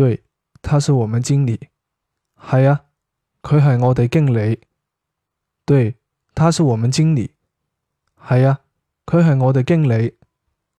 對，他是我們經理。係啊，佢係我哋經理。對，他是我們經理。係啊，佢係我哋經理。